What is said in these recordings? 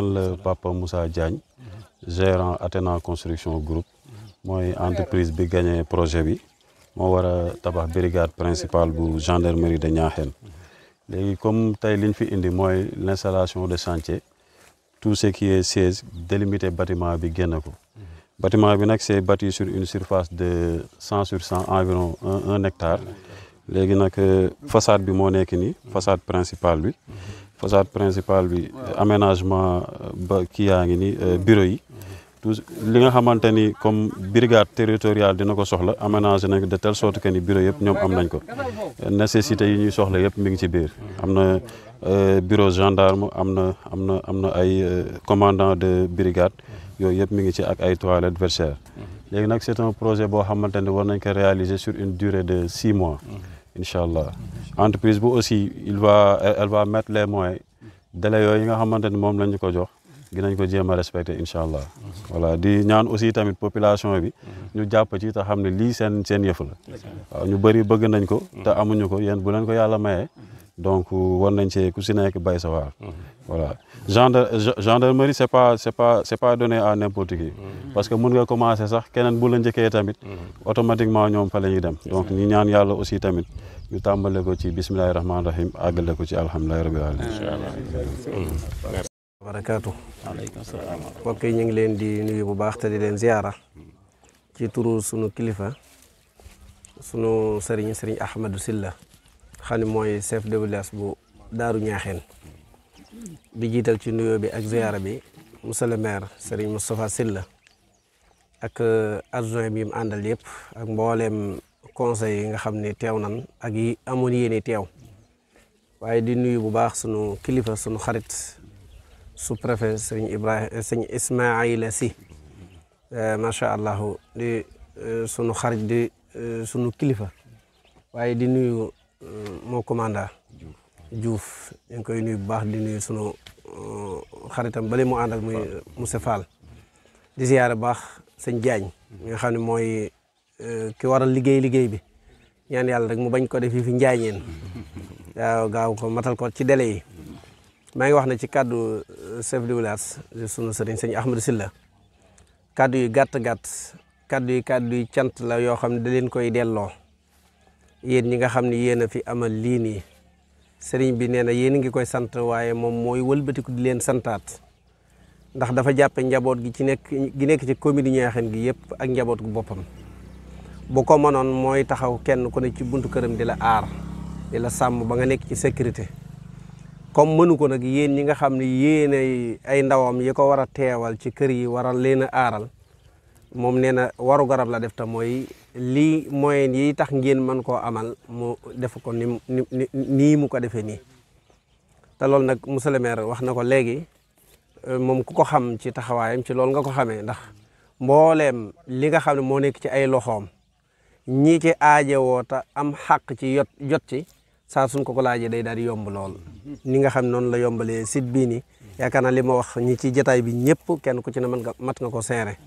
man la Papa Moussa Diagne gérant Athéna construction groupe mooy entreprise bi gagné projet bi moo war a tabax brigade principale bu gendarmerie de Niakhène léegi comme tey liñ fi indi mooy l' de chantier tout ce qui est siège délimité bâtiment bi génne ko bâtiment bi nag c' est bâti sur une surface de cent sur cent environ un hectare léegi nag euh, façade bi moo nekk nii façade principal bi façade principal bi aménagement euh, ba kii yaa ngi nii euh, bureau yi tout li nga xamante ni comme brigade territoriale dina ko soxla aménagé nañ ko de telle sorte que ni bureau yëpp ñoom am nañ ko nécessité yi ñuy soxla yëpp mi ngi ci biir am na euh, bureau gendarme am na am na am na ay commandant de brigade yooyu yëpp mi ngi ci ak ay toilettes versaires léegi nag c'est un projet boo xamante ni war nañ ko réaliser sur une durée de six mois mm-hmm. incha allah entreprise bu aussi il va elle va mettre les moyens délai yooyu nga xamante ni moom la ñu ko jox dinañ ko jéem a respecté incha allah voilà di ñaan aussi tamit population bi ñu jàpp ci te xam ne lii seen seen yëf la waaw ñu bëri bëgg nañ ko te amuñu ko yéen bu leen ko yàlla mayee donc euh, war nañ see ku si nekk bay sa waar voilà gendre gendarmerie c' est pas c' est pas c' est donné à n'importe mhm. parce que mun nga commencé sax keneen bu la njëkkee tamit mhm. automatiquement ñoom fa la ñuy dem donc ñu ñaan yàlla aussi tamit ñu tàmbale ko ci bismillahi rahmaani rahim àggale ko ci alhamdulilahi rabbil alamin barakaatu mbokk yi ñu ngi leen di nuyu bu baax te di leen ziyaara ci turu sunu kilifa sunu sëriñ sëriñ Ahmadou Silla xam ne mooy chef de village bu Daaru Ñaaxeen bi jiital ci nuyoo bi ak ziyaara bi monsieur le maire Serigne Moustapha Sylla ak euh, adjoint bi mu àndal yëpp ak mbooleem conseil yi nga xam ne teew nan ak yi amoon yéene teew waaye di nuyu bu baax sunu kilifa sunu xarit su préfet sëñ Ibrahima sëñ Ismaila si macha allah euh, sunu xarit di euh, sunu kilifa waaye di nuyu moo commanda juuf ñu koy nuyu bu baax di nuyu sunu euh, xaritam bale mu àndal muy Moussa Fall di ziyaare baax sëñ Diagne mi nga xam ne mooy euh, ki waral liggéey liggéey bi ñaan yàlla rek mu bañ ko def fii fi njaañeen waaw gaaw ko matal ko ci délai yi maa ngi wax na ci kàddu euh, chef de village sunu sëriñ sëñ Ahmadou Silla kàddu yu gàtt-gàtt kàddu yi kàddu yi cant la yoo xam ne da leen koy delloo yéen ñi nga xam ni yéen a fi amal lii nii sëriñ bi nee na yéen a ngi koy sant waaye moom mooy walbatiku di leen santaat ndax dafa jàppe njaboot gi ci nekk gi nekk ci commune Ñaaxeen gi yëpp ak njaboot gu boppam bu ko mënoon mooy taxaw kenn ku ne ci buntu këram di la aar di la sàmm ba nga nekk ci sécurité comme mënu ko nag yéen ñi nga xam ni yéen ay ndawam yi ko war a teewal ci kër yi waral leen a aaral moom nee na waru garab la def te mooy lii moyen yi tax ngeen mën koo amal mu def ko ni nii mu ko defee nii te loolu nag monsieur le maire wax na ko léegi euh, moom ku ko xam ci taxawaayam ci loolu nga ko xamee ndax mbooleem li nga xam ne moo nekk ci ay loxoom ñi ci aajewoo te am xaq ci yot jot ci saa suñ ko ko laajee day daal di yomb lool ni nga xam noonu la yombalee site bii nii yaakaar naa li ma wax ñi ci jataay bi ñëpp kenn ku ci ne mën nga mat nga ko seere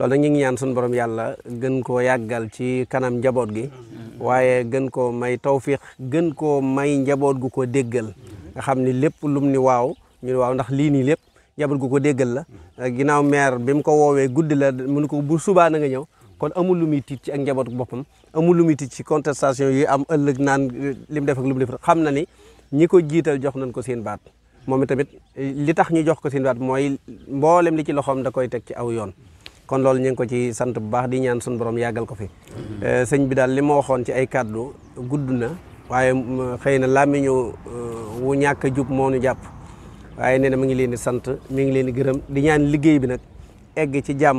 loolu nag ñu ngi ñaan suñu borom yàlla gën koo yàggal ci kanam njaboot gi waaye gën koo may tawfiq gën koo may njaboot gu ko déggal nga xam ni lépp lum ni waaw ñu waaw ndax lii nii lépp njaboot gu ko déggal la ginnaaw maire bi mu ko woowee guddi la mu ko bu subaa na nga ñëw kon amul lu muy tiit ci njabootu boppam amul lu ci contestation yi am ëllëg naan lim def ak lu mu xam na ni ñi ko jiital jox nañ ko seen baat moom tamit li tax ñu jox ko seen baat mooy mboolem li ci loxoom da koy teg ci aw yoon kon loolu ñu ngi ko ci sant bu baax di ñaan suñu borom yàggal ko fi eh, sëñ bi daal li ma waxoon ci ay kàddu gudd na waaye mm, xëy na làmmiñu eh, wu ñàkk a jub moo ñu jàpp waaye nee na mi ngi leen di sant mi ngi leen di gërëm di ñaan liggéey bi nag egg ci jàmm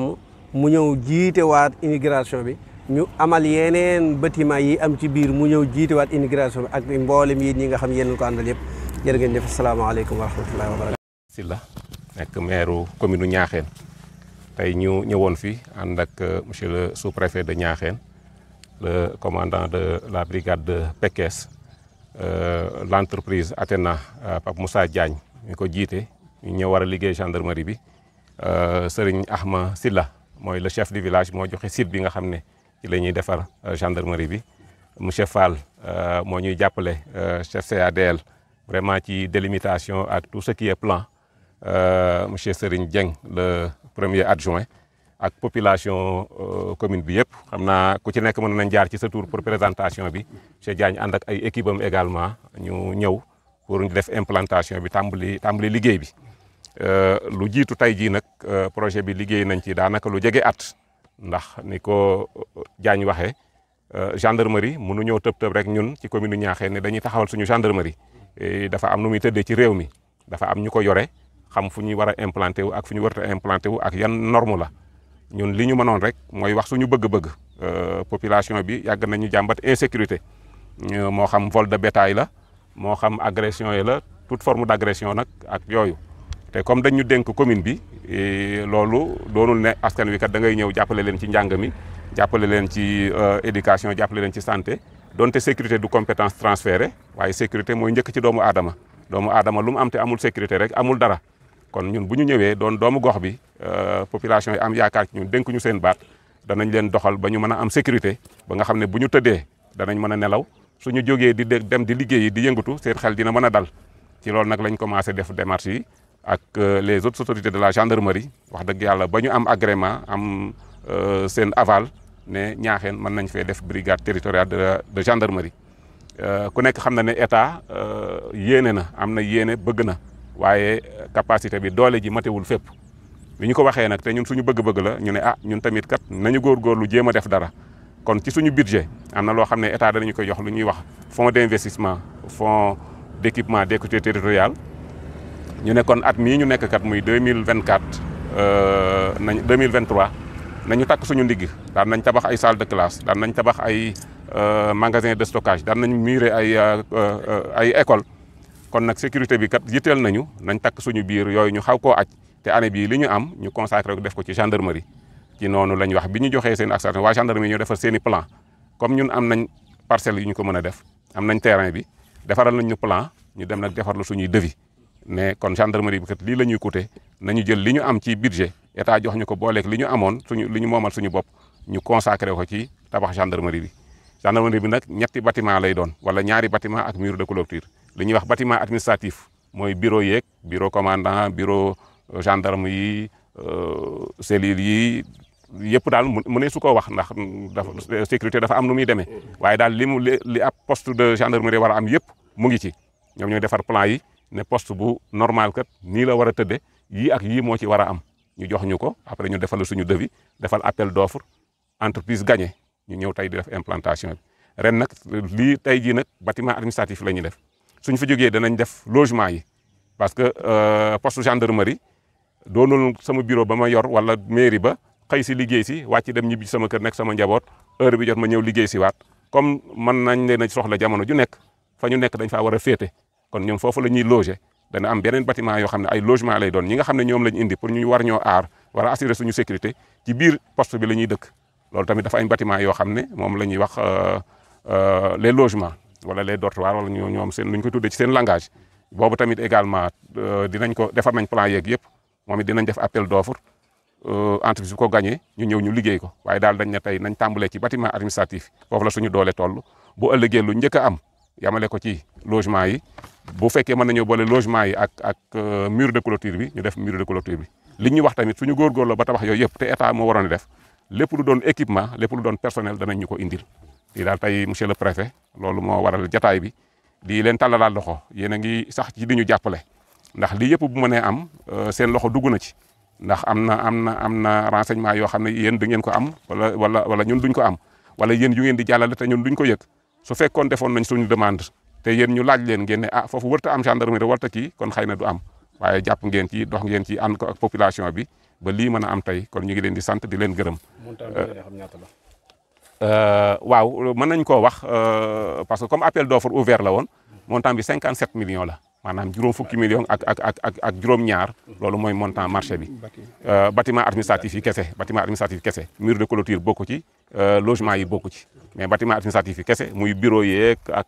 mu ñëw jiite waat immigration bi ñu amal yeneen bâtiment yi am ci biir mu ñëw jiite waat bi ak mboolem yi ñi nga xam yeneen ko àndal yëpp jërë ngeen jëf asalaamaaleykum wa rahmatullahi wa barakatu. tey ñu ñëwoon fi ànd ak euh, monsieur le sous-préfet de Niakhène le commandant de la brigade de Pekes euh, l' entreprise Athéna euh, Pape Moussa Diagne ñu ko jiite ñu ñëw war a liggéey gendarmerie bi Serigne si la mooy le chef du village moo joxe site bi nga xam ne ci la ñuy defar gendarmerie bi monsieur Fall moo ñuy jàppale chef CADL vraiment ci délimitation ak tout ce qui est plan Euh, monsieur Serigne jeng le premier adjoint ak population euh, commune bi yëpp xam naa ku ci nekk mën nañ jaar ci sa tour pour présentation bi monsieur Diagne ànd ak ay équipe également ñu ñëw pour def implantation bi tàmbali tàmbali liggéey bi euh, lu jiitu tey jii nag projet bi liggéey nañ ci daanaka lu jege at ndax ni ko Diagne waxee gendarmerie mënu ñëw tëb tëb rek ñun ci commune Niakhène ne dañuy taxawal suñu gendarmerie dafa am nu muy tëddee ci réew mi dafa am ñu ko yore xam fu ñuy war a implanté wu ak fu ñu warta implanté wu ak yan norme la ñun li ñu mënoon rek mooy wax suñu bëgg-bëgg euh, population bi yàgg nañu jàmbat insécurité moo xam vol de bétail la moo xam agression yi la toute forme d' agression nag ak yooyu te comme dañu dénk commune bi eh, loolu doonul ne askan wi kat da ngay ñëw jàppale leen ci njàng mi jàppale leen ci euh, éducation jàppale leen ci santé donte sécurité du compétence transférée waaye sécurité mooy njëkk ci doomu aadama doomu aadama lu mu am te amul sécurité rek amul dara kon ñun bu ñu ñëwee doon doomu gox bi euh, population yi am yaakaar ci ñun dénk ñu seen baat danañ leen doxal ba ñu mën a am sécurité ba nga xam ne bu ñu tëddee danañ mën a nelaw suñu jógee di dem di liggéeyi di yëngatu seen xel dina mën a dal ci loolu nag lañ commencé def démarche yi ak euh, les autres autorités de la gendarmerie wax dëgg yàlla ba ñu am agrément am euh, seen aval ne ñaaxeen mën nañ fee def brigade territoriale de de gendarmerie ku nekk xam na ne état yéene na am na yéene bëgg na waaye euh, capacité bi doole ji matewul fépp li ñu ko waxee nag te ñun suñu bëgg-bëgg la ñu ne ah ñun tamit kat nañu góor jéem a def dara kon ci suñu budget am na loo xam ne état danañu koy jox lu ñuy wax fonds d'investissement fonds d'équipement d'équité territoriale ñu ne kon at mii ñu nekk kat muy 2024 nañ 2023 nañu takk suñu ndigg daan nañ tabax ay salle de classe daan nañ tabax ay euh, magasin de stockage daan nañu miire ay euh, ay école kon nag sécurité bi kat yitteel nañu nañ takk suñu biir yooyu ñu xaw ko aj te année bii li ñu am ñu consacré ko def ko ci gendarmerie ci noonu lañ wax bi ñu joxee seen action waa gendarmerie ñoo defar seen i plan ñun am nañ parcelles yu ñu ko mën a def am nañ terrain bi defaral nañ ñu plan ñu dem nag defar la suñuy devis ne kon gendarmerie bi kat lii la ñuy coûter nañu jël li ñu am ci budget état jox ñu ko booleeg li ñu amoon suñu li ñu moomal suñu bopp ñu consacré ko ci tabax gendarmerie bi gendarmerie bi nag ñetti batiment lay doon wala ñaari batiment ak mur de clôture li wax batiment administratif mooy bureau yeeg bureau commandant bureau euh, gendarme yi euh, cellule yi yëpp daal mu ne su koo wax ndax dafa sécurité dafa am nu muy demee waaye daal li mu li ab poste de gendarmerie war a am yëpp mu ngi ci ñoom ñooy defar plan yi ne poste bu normal kat nii la war a tëdde yii ak yii moo ci war a am ñu jox ñu ko après ñu defal suñu devis defal appel d'offre entreprise gagné ñu ñëw tey di def implantation bi ren nag lii tey jii nag batiment administratif la ñuy def suñ fa jógee danañ def logement yi parce que euh, poste gendarmerie doonul sama bureau ba ma yor wala mairie ba xëy si liggéey si wàcc dem ñibbi sama kër nekk sama njaboot heure bi jot ma ñëw liggéey si waat comme man nañ leen a soxla jamono ju nekk fa ñu nekk dañ faa war a féete kon ñoom foofu la ñuy loger dana am beneen batiment yoo xam ne ay logement lay doon ñi nga xam ne ñoom lañu indi pour ñu war ñoo aar war a assurer suñu sécurité ci biir poste bi la ñuy dëkk loolu tamit dafa ay bâtiment yoo xam ne moom la ñuy wax euh, euh, les logements wala les dortoirs wala ñoo ñoom seen lu ñu ko tuddee ci seen langage boobu tamit également euh, dinañ ko defar nañ plan yeeg yëpp moom it dinañ def appel d'offre euh, entreprise bi ko gagné ñu ñëw ñu liggéey ko waaye daal dañ ne tey nañ tàmbalee ci batiment administratif foofu la suñu doole toll bu ëllëgee lu njëkk am yamale ko ci logement yi bu fekkee mën nañoo boole logement yi ak ak euh, mur de clôture bi ñu def mur de clôture bi li ñu wax tamit suñu góorgóorloo ba tabax yooyu yëpp te état waroon def lépp lu doon équipement lépp lu doon danañ ñu ko indil lii daal tey monsieur le préfet loolu moo waral jataay bi di leen tàllalaat loxo yéen a ngi sax ci di ñu jàppale ndax lii yëpp bu mënee am euh, seen loxo dugg na ci ndax am na am na am na renseignement yoo xam ne yéen da ngeen ko am wala wala wala ñun duñ ko am wala yéen yu ngeen di jàllale te ñun duñ ko yëg su fekkoon defoon nañ suñu demande te yen ñu laaj leen ngeen ne ah foofu warta am gendarmerie warta ki kon xëy na du am waaye jàpp ngeen ci dox ngeen ci ànd ko ak population bi ba lii mën am tey kon ñu ngi leen di sant di leen gërëm. Euh, waaw mën nañ koo wax euh, parce que comme appel d'offre ouvert la woon montant bi 57 million la maanaam juróom fukki millions ak ak ak ak ak juróom-ñaar loolu mooy montant marché bi. bâtiment euh, administratif yi kese bâtiment administratif kese. mur de clôture bokku ci logement yi bokku ci mais bâtiment administratif yi kese muy bureau yeeg ak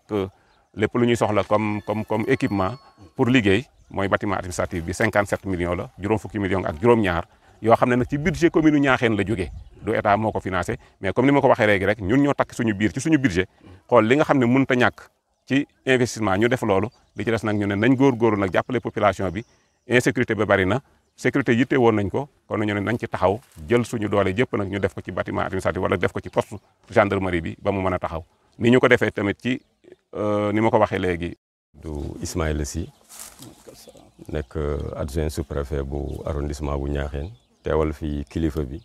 lépp lu ñuy soxla comme comme comme équipement pour liggéey mooy bâtiment administratif bi 57 millions la juróom fukki million ak juróom-ñaar. yoo xam ne nag ci budget commune Niakhène la jógee du état moo ko financé mais comme ni ma ko waxee léegi rek ñun ñoo takk suñu biir ci suñu budget xool li nga xam ne mënut a ñàkk ci investissement ñu def loolu li ci des nag ñu ne nañ góor góorgóorlu nag jàppale population bi insécurité ba bari na sécurité yitte woon nañ ko kon ñu ne nañ ci taxaw jël suñu doole jëpp nag ñu def ko ci bâtiment administratif wala def ko ci poste gendarmerie bi ba mu mën a taxaw ni ñu ko defee tamit ci euh, ni ma ko waxee léegi. du Ismaïla Sy nekk euh, adjoint sous-préfet bu arrondissement bu Niakhène. teewal fi kilifa bi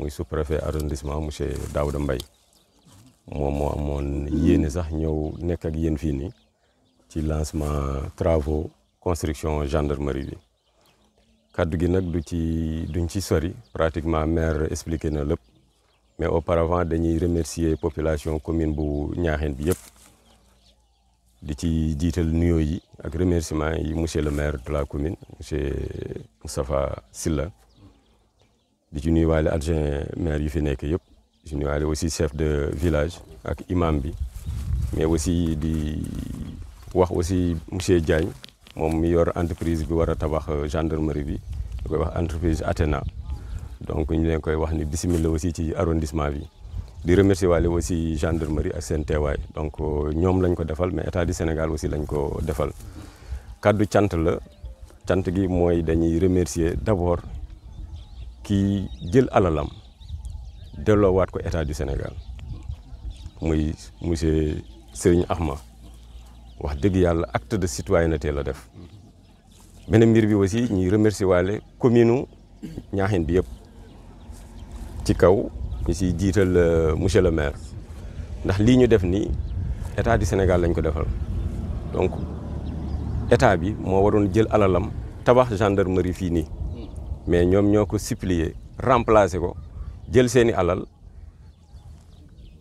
muy sous-préfet arrondissement monsieur Daouda mbay moom moo amoon yéene sax ñëw nekk ak yéen fii nii ci lansement travaux construction gendarmerie bi kaddu gi nag du ci duñ ci sori pratiquement maire expliqué na lépp mais auparavant dañuy remercier population commune bu Niakhène bi yëpp di ci jiital nuyoo yi ak remerciement yi monsieur le maire de la commune monsieur Moustapha Sylla di ci nuyuwaale adjoint maire yu fi nekk yëpp di ci nuyuwaale aussi chef de village ak imam bi mais aussi di wax aussi monsieur Diagne moom mi yor entreprise bi war a tabax euh, gendarmerie bi ñu koy wax entreprise Athéna donc ñu leen koy wax ni bisimilah aussi ci arrondissement bi di remercier waale aussi gendarmerie ak seen teewaay donc euh, ñoom lañ ko defal mais état du Sénégal aussi lañ ko defal kaddu cant la cant gi mooy dañuy remercier d'abord ki jël alalam delloowaat ko état du Sénégal muy monsieur Serigne Ahma wax dëgg yàlla acte de citoyenneté la def beneen mbir bi aussi ñuy remercier waale commune ñaaxeen bi yëpp ci kaw ñu siy jiital euh, monsieur le maire ndax lii ñu def nii état du Sénégal lañ ko defal donc état bi moo waroon jël alalam tabax gendarmerie fii nii. mais ñoom ñoo ko supplier remplacer ko jël seeni alal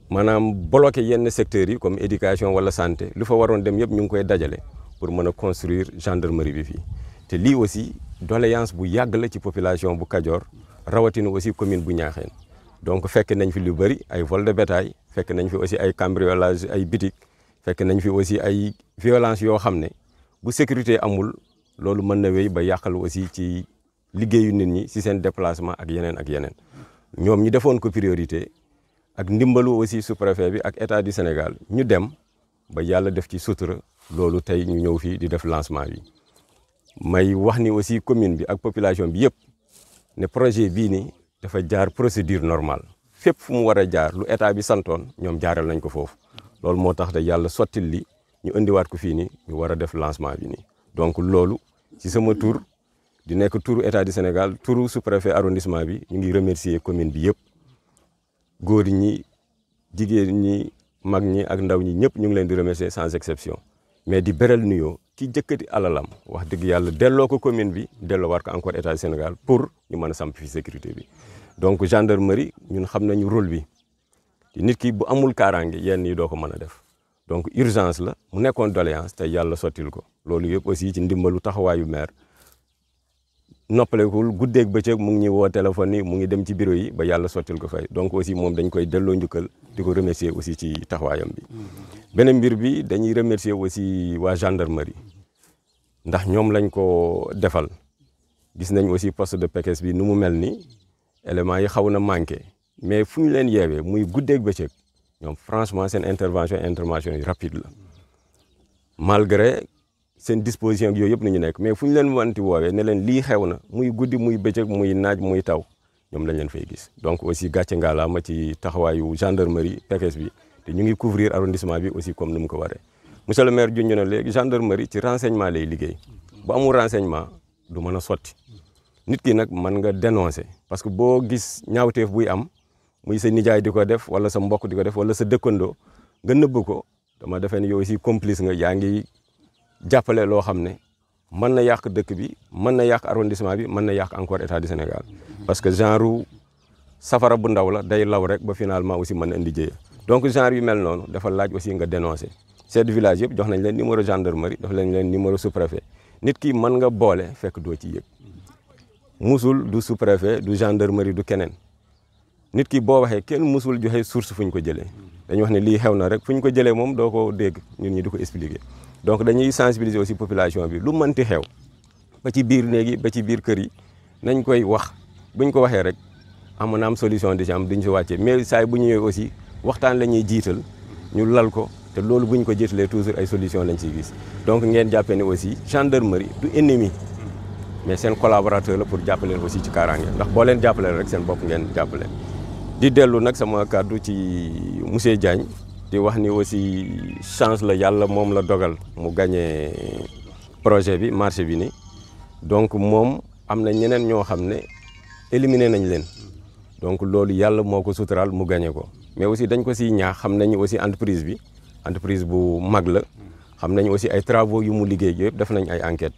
maanaam bloqué yenn secteurs yi comme éducation wala sante lu fa waroon dem yëpp ñu ngi koy dajale pour mën a construire gendarmerie bi fii te lii aussi doléance bu yàgg la ci population bu Kajoor rawatina aussi commune bu Ñaaxeen donc fekk nañ fi lu bëri ay vol de bétail fekk nañ fi aussi ay cambriolage ay bitik fekk nañ fi aussi ay violence yoo xam ne bu sécurité amul loolu mën na wéy ba yàqal aussi ci liggéeyu nit ñi si seen déplacement ak yeneen ak yeneen ñoom ñu defoon ko priorité ak ndimbalu aussi sous bi ak état du Sénégal ñu dem ba yàlla def ci sutura loolu tey ñu ñëw fii di def lancement bi may wax ni aussi commune bi ak population bi yëpp ne projet bii ni dafa jaar procédure normal fépp fu mu war a jaar lu état bi santoon ñoom jaaral nañ ko foofu loolu moo tax da yàlla sottil li ñu indiwaat ko fii ni ñu war a def lancement bi nii donc loolu di nekk turu état du Sénégal turu sous-préfet arrondissement bi ñu ngi remercier commune bi yëpp góor ñi jigéen ñi mag ñi ak ndaw ñi ñëpp ñu ngi leen di remercier sans exception mais di beral nuyoo ki jëkkati alalam wax dëgg yàlla delloo ko commune bi delloo war ko encore état du Sénégal pour ñu mën a samp fi sécurité bi donc gendarmerie ñun xam ñu rôle bi nit ki bu amul kaaraange yenn yi doo ko mën a def donc urgence la mu nekkoon doléance te yàlla sottil ko loolu aussi ci ndimbalu taxawaayu maire noppalekul guddeeg bëccëg mu ngi ñuy woo téléphone yi mu ngi dem ci bureau yi ba yàlla sottil ko fay donc aussi moom dañ koy delloo njukkal di ko remercier aussi ci taxawaayam bi. beneen mbir bi dañuy remercier aussi waa gendarmerie ndax ñoom lañ ko defal gis nañ aussi poste de Pekes bi nu mu mel ni éléments yi xaw na manqué mais fu ñu leen yeewee muy guddeeg bëccëg ñoom franchement seen intervention intervention yi rapide la malgré. seen disposition ak yooyu yëpp nañu nekk mais fu ñu leen wanti woowee ne leen lii xew na muy guddi muy bëccëg muy naaj muy taw ñoom lañ leen fay gis donc aussi gàcce ma ci taxawaayu gendarmerie Pekes bi te ñu ngi couvrir arrondissement bi aussi comme ni mu ko waree monsieur le maire junj na léegi gendarmerie ci renseignement lay liggéey bu amul renseignement du mën a sotti nit ki nag man nga dénoncer parce que boo gis ñaawteef buy am muy sa nijaay di ko def wala sa mbokk di ko def wala sa dëkkandoo nga nëbb ko dama defee ne yow aussi nga yaa ngi jàppale loo xam ne mën na yàq dëkk bi mën na yàq arrondissement bi mën na yàq encore état du Sénégal parce que genre safara bu ndaw la day law rek ba finalement aussi mën na indi jëye donc genre yu mel noonu dafa laaj aussi nga dénoncer chef de village yëpp jox nañ leen numéro gendarmerie jox nañ leen numéro sous-préfet nit ki mën nga boole fekk doo ci yëg musul du sous-préfet du mari du keneen nit ki boo waxee kenn musul joxe source fu ñu ko jëlee dañu wax ne lii xew na rek fu ñu ko jëlee moom doo ko dégg ñun ñi di ko expliquer donc dañuy sensibiliser aussi population bi lu mënti xew ba ci biir néeg ba ci biir kër yi nañ koy wax buñ ko waxee rek amoon na am solution di ci am ñu si wàccee mais saay bu ñëwee aussi waxtaan la ñuy jiital ñu lal ko te loolu buñ ko jiitalee toujours ay solution lañ ciy gis donc ngeen jàppee ne aussi gendarmerie du ennemi mais seen collaborateur la pour jàppaleen aussi ci kaaraange ndax boo leen jàppalee rek seen bopp ngeen jàppale di dellu nag sama kàddu ci monsieur Diagne di wax ni aussi chance la yàlla moom la dogal mu gañee projet bi marché bi ni donc moom am na ñeneen ñoo xam ne éliminé nañ leen donc loolu yàlla moo ko suturaal mu gañee ko mais aussi dañ ko si ñaax xam nañu aussi entreprise bi entreprise bu mag la xam nañu aussi ay travaux yu mu liggéey yëpp def nañ ay enquête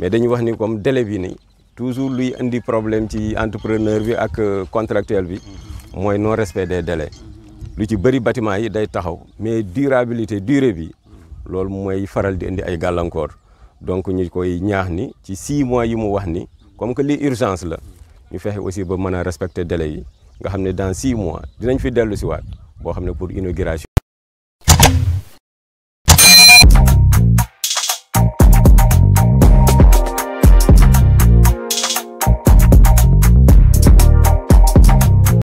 mais dañuy wax ni comme délai bi ni toujours luy indi problème ci entrepreneur bi ak contractuel bi mooy non respect des délais lu ci bëri bâtiment yi day taxaw mais durabilité durée bi loolu mooy faral di indi ay gàllankoor donc ñu koy ñaax ni ci six mois yi mu wax ni comme que li urgence la ñu fexe aussi ba mën a respecter délai yi nga xam ne dans six mois dinañ fi dellu si waat boo xam ne pour inauguration